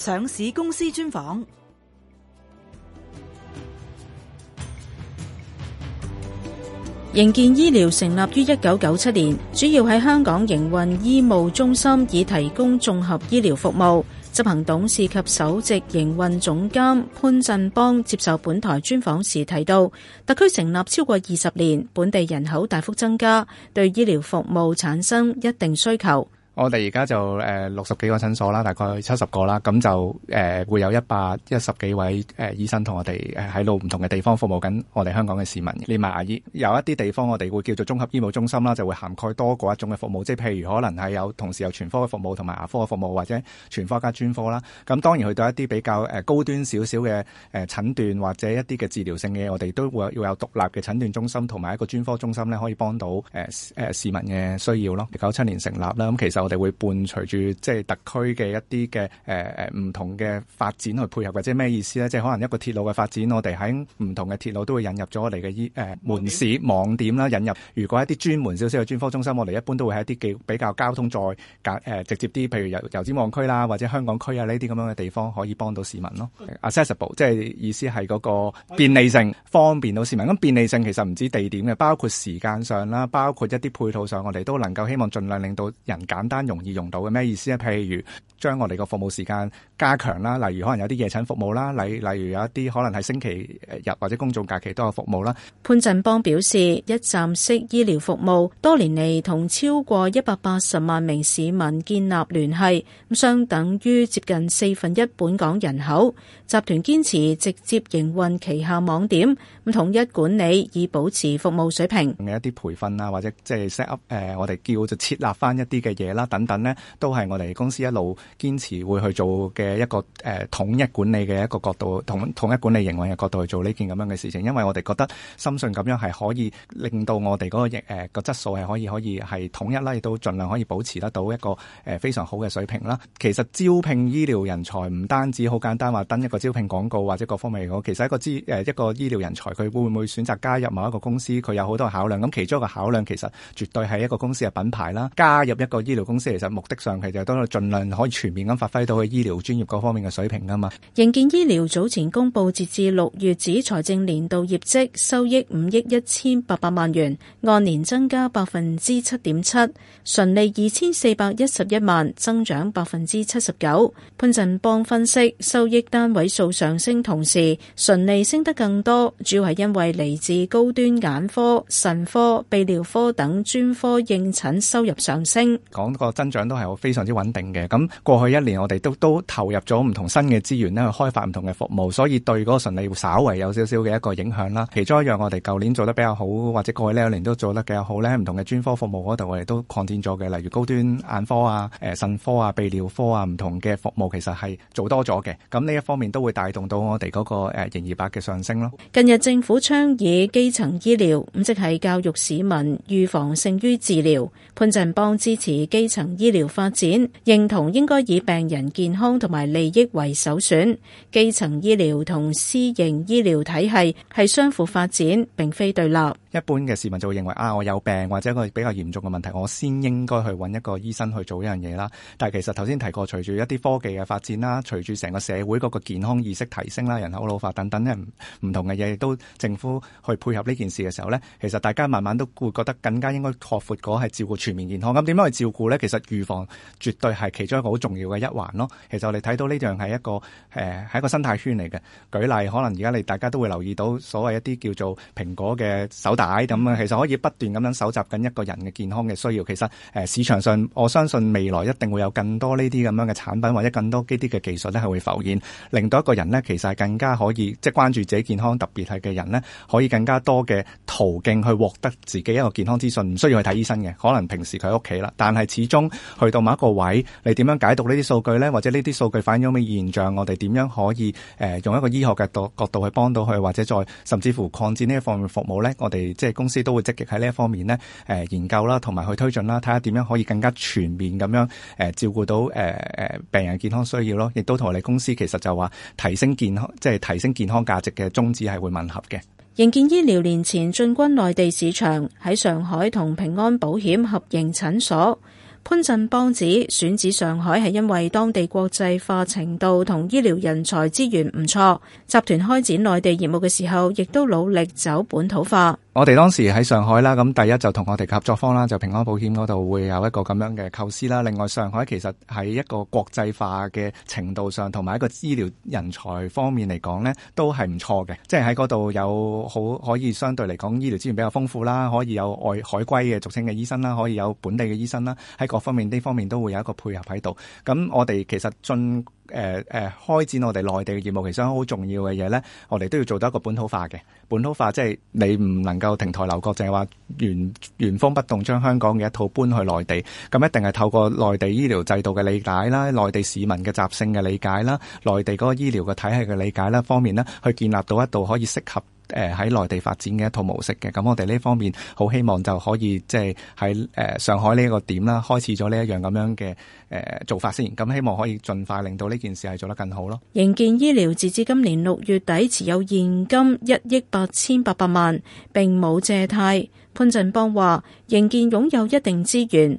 上市公司專訪。盈健醫療成立於一九九七年，主要喺香港營運醫務中心，以提供綜合醫療服務。執行董事及首席營運總監潘振邦接受本台專訪時提到，特區成立超過二十年，本地人口大幅增加，對醫療服務產生一定需求。我哋而家就誒六十幾個診所啦，大概七十個啦，咁就誒會有一百一十幾位誒、呃、醫生我同我哋喺路唔同嘅地方服務緊，我哋香港嘅市民，連埋牙醫。有一啲地方我哋會叫做綜合醫務中心啦，就會涵蓋多過一種嘅服務，即係譬如可能係有同時有全科嘅服務同埋牙科嘅服務，或者全科加專科啦。咁當然去到一啲比較高端少少嘅誒診斷或者一啲嘅治療性嘅，我哋都會要有獨立嘅診斷中心同埋一個專科中心咧，可以幫到、呃呃、市民嘅需要咯。九七年成立啦，咁、嗯、其實我哋會伴隨住即係特區嘅一啲嘅誒誒唔同嘅發展去配合嘅，即係咩意思咧？即係可能一個鐵路嘅發展，我哋喺唔同嘅鐵路都會引入咗我哋嘅依誒門市網點啦，引入如果一啲專門少少嘅專科中心，我哋一般都會喺一啲比較交通再簡誒直接啲，譬如由油，油尖旺區啦，或者香港區啊呢啲咁樣嘅地方，可以幫到市民咯。Accessible、uh huh. 即係意思係個便利性，uh huh. 方便到市民。咁便利性其實唔止地點嘅，包括時間上啦，包括一啲配套上，我哋都能夠希望盡量令到人簡單。容易用到嘅。咩意思啊？譬如將我哋個服務時間加強啦，例如可能有啲夜診服務啦，例例如有一啲可能係星期日或者公眾假期都有服務啦。潘振邦表示，一站式醫療服務多年嚟同超過一百八十萬名市民建立聯繫，咁相等於接近四分一本港人口。集團堅持直接營運旗下網點，咁統一管理以保持服務水平嘅一啲培訓啊，或者即係 set up，誒，我哋叫就設立翻一啲嘅嘢啦。等等呢都係我哋公司一路堅持會去做嘅一個誒、呃、統一管理嘅一個角度，統統一管理營運嘅角度去做呢件咁樣嘅事情，因為我哋覺得深信咁樣係可以令到我哋嗰個誒個質素係可以可以係統一啦，亦都盡量可以保持得到一個、呃、非常好嘅水平啦。其實招聘醫療人才唔單止好簡單話登一個招聘廣告或者各方面嗰，其實一個資、呃、一個醫療人才佢會唔會選擇加入某一個公司，佢有好多考量。咁其中一個考量其實絕對係一個公司嘅品牌啦。加入一個醫療公司其實目的上係就當佢盡量可以全面咁發揮到佢醫療專業嗰方面嘅水平㗎嘛。盈健醫療早前公布截至六月止財政年度業績，收益五億一千八百萬元，按年增加百分之七點七，純利二千四百一十一萬，增長百分之七十九。潘振邦分析，收益單位數上升同時，純利升得更多，主要係因為嚟自高端眼科、腎科、泌尿科等專科應診收入上升。講。個增長都係非常之穩定嘅。咁過去一年我哋都都投入咗唔同新嘅資源咧去開發唔同嘅服務，所以對嗰個純利稍為有少少嘅一個影響啦。其中一樣我哋舊年做得比較好，或者過去呢一年都做得比較好咧，唔同嘅專科服務嗰度我哋都擴展咗嘅，例如高端眼科啊、誒、呃、腎科啊、泌尿科啊唔同嘅服務，其實係做多咗嘅。咁呢一方面都會帶動到我哋嗰、那個誒營業額嘅上升咯。近日政府倡議基層醫療，咁即係教育市民預防勝於治療，潘振邦支持基層醫療發展，認同應該以病人健康同埋利益為首選，基層醫療同私營醫療體系係相互發展，並非對立。一般嘅市民就會認為啊，我有病或者一個比較嚴重嘅問題，我先應該去揾一個醫生去做一樣嘢啦。但其實頭先提過，隨住一啲科技嘅發展啦，隨住成個社會嗰個健康意識提升啦、人口老化等等唔同嘅嘢都政府去配合呢件事嘅時候呢，其實大家慢慢都會覺得更加應該拓闊嗰係照顧全面健康。咁點樣去照顧呢？其實預防絕對係其中一個好重要嘅一環咯。其實我哋睇到呢樣係一個誒係一個生態圈嚟嘅。舉例，可能而家你大家都會留意到所謂一啲叫做蘋果嘅手。咁啊，其實可以不斷咁樣搜集緊一個人嘅健康嘅需要。其實、呃、市場上，我相信未來一定會有更多呢啲咁樣嘅產品，或者更多呢啲嘅技術咧，係會浮現，令到一個人呢，其實係更加可以即係關注自己健康，特別係嘅人呢，可以更加多嘅途徑去獲得自己一個健康資訊，唔需要去睇醫生嘅。可能平時佢喺屋企啦，但係始終去到某一個位，你點樣解讀呢啲數據呢？或者呢啲數據反映咗咩現象？我哋點樣可以、呃、用一個醫學嘅度角度去幫到佢，或者再甚至乎擴展呢一方面服務呢？我哋即係公司都會積極喺呢一方面咧，誒研究啦，同埋去推進啦，睇下點樣可以更加全面咁樣誒照顧到誒誒病人健康需要咯。亦都同我哋公司其實就話提升健康，即係提升健康價值嘅宗旨係會吻合嘅。盈健醫療年前進軍內地市場喺上海同平安保險合營診所，潘振邦指選址上海係因為當地國際化程度同醫療人才資源唔錯。集團開展內地業務嘅時候，亦都努力走本土化。我哋當時喺上海啦，咁第一就同我哋合作方啦，就平安保險嗰度會有一個咁樣嘅構思啦。另外上海其實喺一個國際化嘅程度上，同埋一個醫療人才方面嚟講呢，都係唔錯嘅。即係喺嗰度有好可以相對嚟講醫療資源比較豐富啦，可以有外海歸嘅俗稱嘅醫生啦，可以有本地嘅醫生啦，喺各方面呢方面都會有一個配合喺度。咁我哋其實進誒誒、呃呃，開展我哋內地嘅業務，其實好重要嘅嘢呢，我哋都要做到一個本土化嘅本土化，即係你唔能夠亭台樓閣，淨係話原原封不動將香港嘅一套搬去內地，咁一定係透過內地醫療制度嘅理解啦、內地市民嘅習性嘅理解啦、內地嗰個醫療嘅體系嘅理解啦方面呢，去建立到一度可以適合。誒喺內地發展嘅一套模式嘅，咁我哋呢方面好希望就可以即係喺誒上海呢個點啦，開始咗呢一樣咁樣嘅誒做法先，咁希望可以盡快令到呢件事係做得更好咯。盈健醫療截至今年六月底持有現金一億八千八百萬，並冇借貸。潘振邦話：盈健擁有一定資源。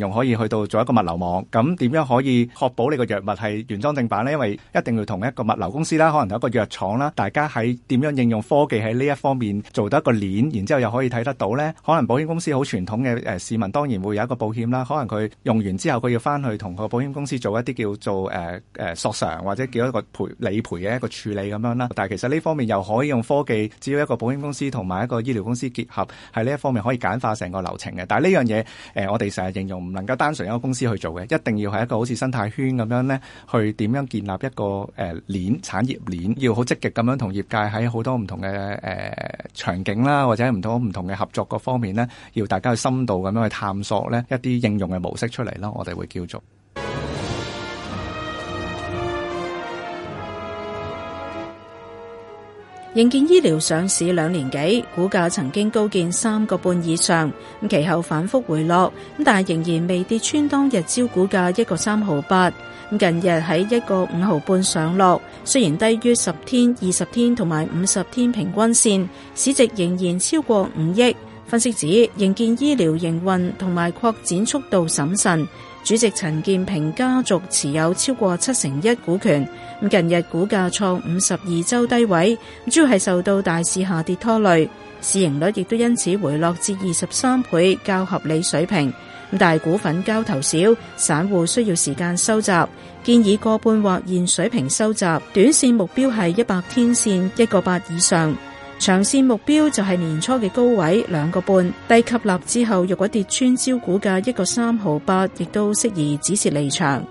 用可以去到做一個物流網，咁點樣可以確保你個藥物係原裝正版咧？因為一定要同一個物流公司啦，可能一個藥廠啦，大家喺點樣應用科技喺呢一方面做得一個鏈，然之後又可以睇得到咧。可能保險公司好傳統嘅，誒、呃、市民當然會有一個保險啦。可能佢用完之後，佢要翻去同個保險公司做一啲叫做誒誒、呃呃、索償或者叫一個賠理賠嘅一個處理咁樣啦。但係其實呢方面又可以用科技，只要一個保險公司同埋一個醫療公司結合，喺呢一方面可以簡化成個流程嘅。但係呢樣嘢誒我哋成日應用。唔能夠單純一個公司去做嘅，一定要係一個好似生態圈咁樣呢，去點樣建立一個、呃、鏈產業鏈，要好積極咁樣同業界喺好多唔同嘅誒、呃、場景啦，或者唔同唔同嘅合作各方面呢，要大家去深度咁樣去探索呢一啲應用嘅模式出嚟咯，我哋會叫做。盈健醫療上市兩年幾，股價曾經高見三個半以上，咁其後反覆回落，咁但係仍然未跌穿當日招股價一個三毫八，咁近日喺一個五毫半上落，雖然低於十天、二十天同埋五十天平均線，市值仍然超過五億。分析指盈健醫療營運同埋擴展速度審慎。主席陳建平家族持有超過七成一股權，咁近日股價創五十二周低位，主要係受到大市下跌拖累，市盈率亦都因此回落至二十三倍，較合理水平。咁大股份交投少，散戶需要時間收集，建議個半或現水平收集，短線目標係一百天線一個八以上。長線目標就係年初嘅高位兩個半，低吸納之後，若果跌穿招股價一個三毫八，亦都適宜止蝕離場。